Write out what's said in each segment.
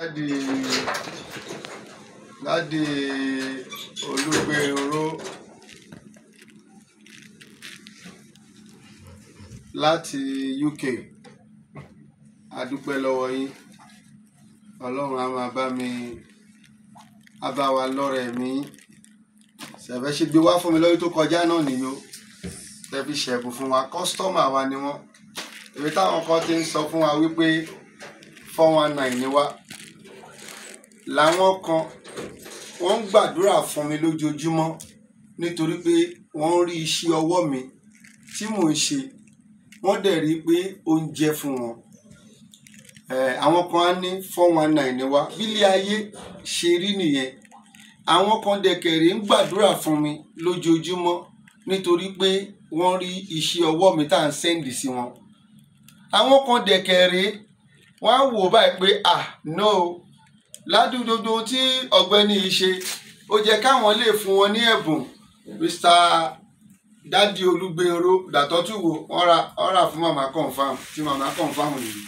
láti láti olúgbèrò láti UK adúpẹ́ lọ́wọ́ yín ọlọ́run á máa bá mi á bá wa lọ́rẹ̀ mi ṣẹ̀fẹ́ ṣe gbé wá fún mi lọ́yún tó kọjá náà nìyí o tẹ́fi ṣẹ̀bù fún wa kọ́sítọ́mà wa ni wọ́n èyí táwọn kan ti ń sọ fún wa wípé four one nine ni wá làwọn kan wọ́n ń gbàdúrà fún mi lójoojúmọ́ nítorí pé wọ́n rí iṣẹ́ ọwọ́ mi tí mò ń ṣe wọ́n dẹ̀ rí pé ó ń jẹ́ fún wọn. àwọn kan á ní four one nine ni wá bílé ayé ṣe rí nìyẹn àwọn kan dẹ̀kẹ̀rẹ̀ ń gbàdúrà fún mi lójoojúmọ́ nítorí pé wọ́n rí iṣẹ́ ọwọ́ mi tá à ń sẹ́ndì sí wọn. àwọn kan dẹ̀kẹ̀rẹ̀ wọ́n á wò báyìí pé ah no ládùúgbò tí ọ̀gbẹ́ni yìí ṣe ó jẹ́ káwọn lè fún wọn ní ẹ̀bùn mr dádì olúgbèrò dàtọ́tùwò wọ́n rà fún màmá confam tí màmá confam nìyí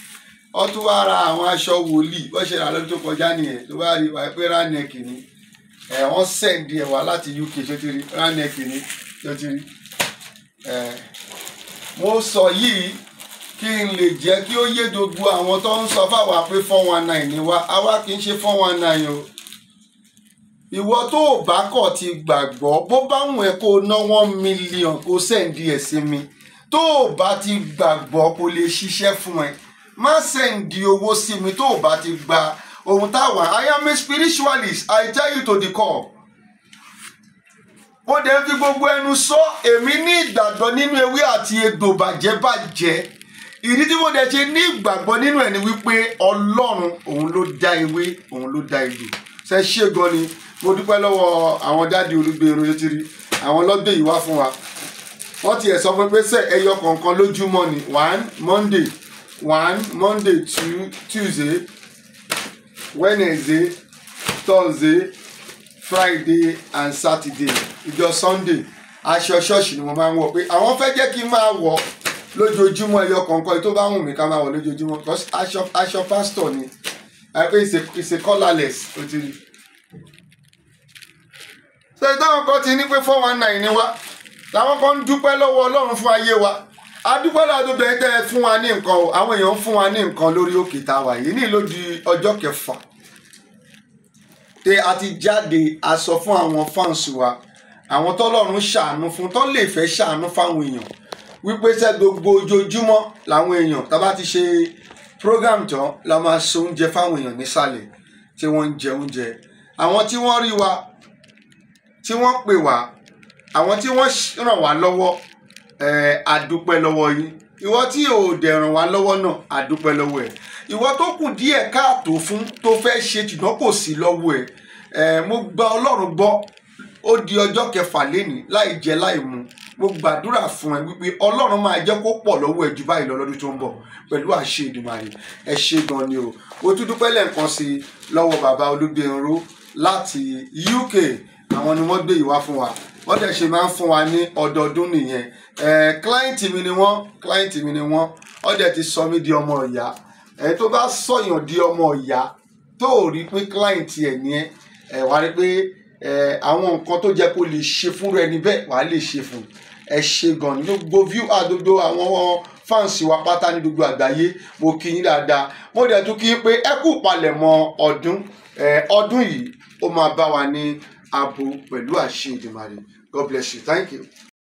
wọ́n tún wá ra àwọn aṣọ wòlíì wọ́n ṣe rà lọ́dún tó kọjá nìyẹn tó bá rí wàá pé ránẹ̀kì ni ẹ̀ wọ́n sẹ̀ǹdì ẹ̀ wá láti uk tó ti rí ránẹ̀kì ni tó ti rí ẹ̀ mo sọ yìí kí n lè jẹ́ kí ó yé gbogbo àwọn tó ń sọ fáwa pé four ni wa àwa kì í ṣe four one nine o ìwọ tó o bá kọ̀ ti gbàgbọ́ bó bá wù ẹ́ kó o ná one million kó o sẹ́ǹdì ẹ̀ sí mi tó o bá ti gbàgbọ́ kó lè ṣiṣẹ́ fún ẹ má sẹ́ǹdì owó sí mi tó o bá ti gba ohun táwa I am a spiritualist I tell you to the core ó dẹ̀ fi gbogbo ẹnu sọ èmi ní ìgbàgbọ́ nínú ewé àti egbò bàjẹ́ ìdí tí mo dẹ̀ ṣe ní ìgbàgbọ́ nínú ẹ̀ ni wípé ọlọ́run òun ló dá ewé òun ló dá egbò ṣe ṣe gan ni mo dúpẹ́ lọ́wọ́ àwọn dáàdi olùgbèrò yóò ti rí àwọn lọ́gbẹ̀ yìí wá fún wa wọ́n ti ẹ̀ sọ fún pé sẹ́ ẹyọ kọ̀ọ̀kan lójúmọ́ ni one monday one monday two tuesday wednesday thursday friday and saturday ìjọ sunday aṣọ ṣọ́ọ̀ṣì ni mo máa ń wọ̀ pé àwọn fẹ́ jẹ́ kí n máa wọ̀ ọ́ lójoojúmọ́ ẹyọ kọ̀ọ̀kan tó bá wùn mí ká máa wọ̀ lójoojúmọ́ because aṣọ aṣọ pásítọ̀ ni àìpé ìṣe colorless ó ti rí. ṣé táwọn kan ti ní pé four one nine ni wá làwọn kan ń dúpẹ́ lọ́wọ́ ọlọ́run fún ayé wa adúpẹ́ lọ́dún bẹ́ẹ̀ tẹ́ ẹ fún wa ní nǹkan o àwọn èèyàn ń fún wa ní nǹkan lórí òkè tá a wà yìí ní ìlódì ọjọ́ kẹfà tẹ a ti jáde a sọ fún àwọn fáǹsì wa àwọn tọ́lọ́run ṣàánú fún tọ́lẹ̀ ìfẹ́ ṣàánú fáwọn èèyàn wípé ṣe gbogbo ojoojúmọ́ làwọn èèyàn tá a bá ti ṣe program tán la máa so oúnjẹ fáwọn èèyàn nísàlẹ̀ tí wọ́n ń jẹ oúnjẹ àwọn tí wọ́n rí wa tí wọ́n pè wá àwọn tí wọ́n ràn wá lọ́wọ́ àdúpẹ́ lọ́wọ́ yín ìwọ tí ò dẹ̀ ràn wá lọ́wọ́ náà àdúpẹ́ lọ́wọ́ ẹ̀ ìwọ tó kù díẹ̀ káàtó fún tó fẹ́ ṣe ṣùgbọ́n kò sí lọ́wọ́ ẹ̀ mo gba ọlọ́run gbọ́ ó di ọjọ́ kẹfà lénìí láì jẹ láì mu mo gbàdúrà fún ẹ wípé ọlọ́run máa jẹ́ kó pọ̀ lọ́wọ́ ẹ jù báyìí lọ lọ́dún tó ń bọ̀ pẹ̀lú àṣẹ Èdùmàrè ẹ ṣé gan ni o o tún dúpẹ́ lẹ́ǹkan sí i lọ́wọ́ bàbá Olúgbénró láti UK àwọn ni wọ́n gbé ìwá fún wa wọ́n dẹ̀ ṣe máa ń fún wa ní ọdọọdún nìyẹn ẹ kílẹ́ǹtì mi ni wọ́n kílẹ́ǹtì mi ni wọ́n wọ́n dẹ̀ ti sọ mí di ọmọ ìyá ẹ tó bá sọ̀yàn di ọmọ ìyá tó rí pé kílẹ́ǹtì ẹ̀ ní ẹ wá rí pé àwọn nǹkan tó jẹ́ kó lè ṣe fúnra ẹni bẹ́ẹ̀ wàá lè ṣe fún ẹ ṣe gan ní gbogbo view àdodo ah, àwọn fáǹsì wa pátá ní gbogbo àgbáyé mo kí yín dáadáa mo dẹ̀ tún kí yín pé ẹ kú palẹ̀mọ́ ọdún ọdún yìí ó máa bá wa ní abo pẹ̀lú àṣẹ Èdùmàrè God bless you thank you.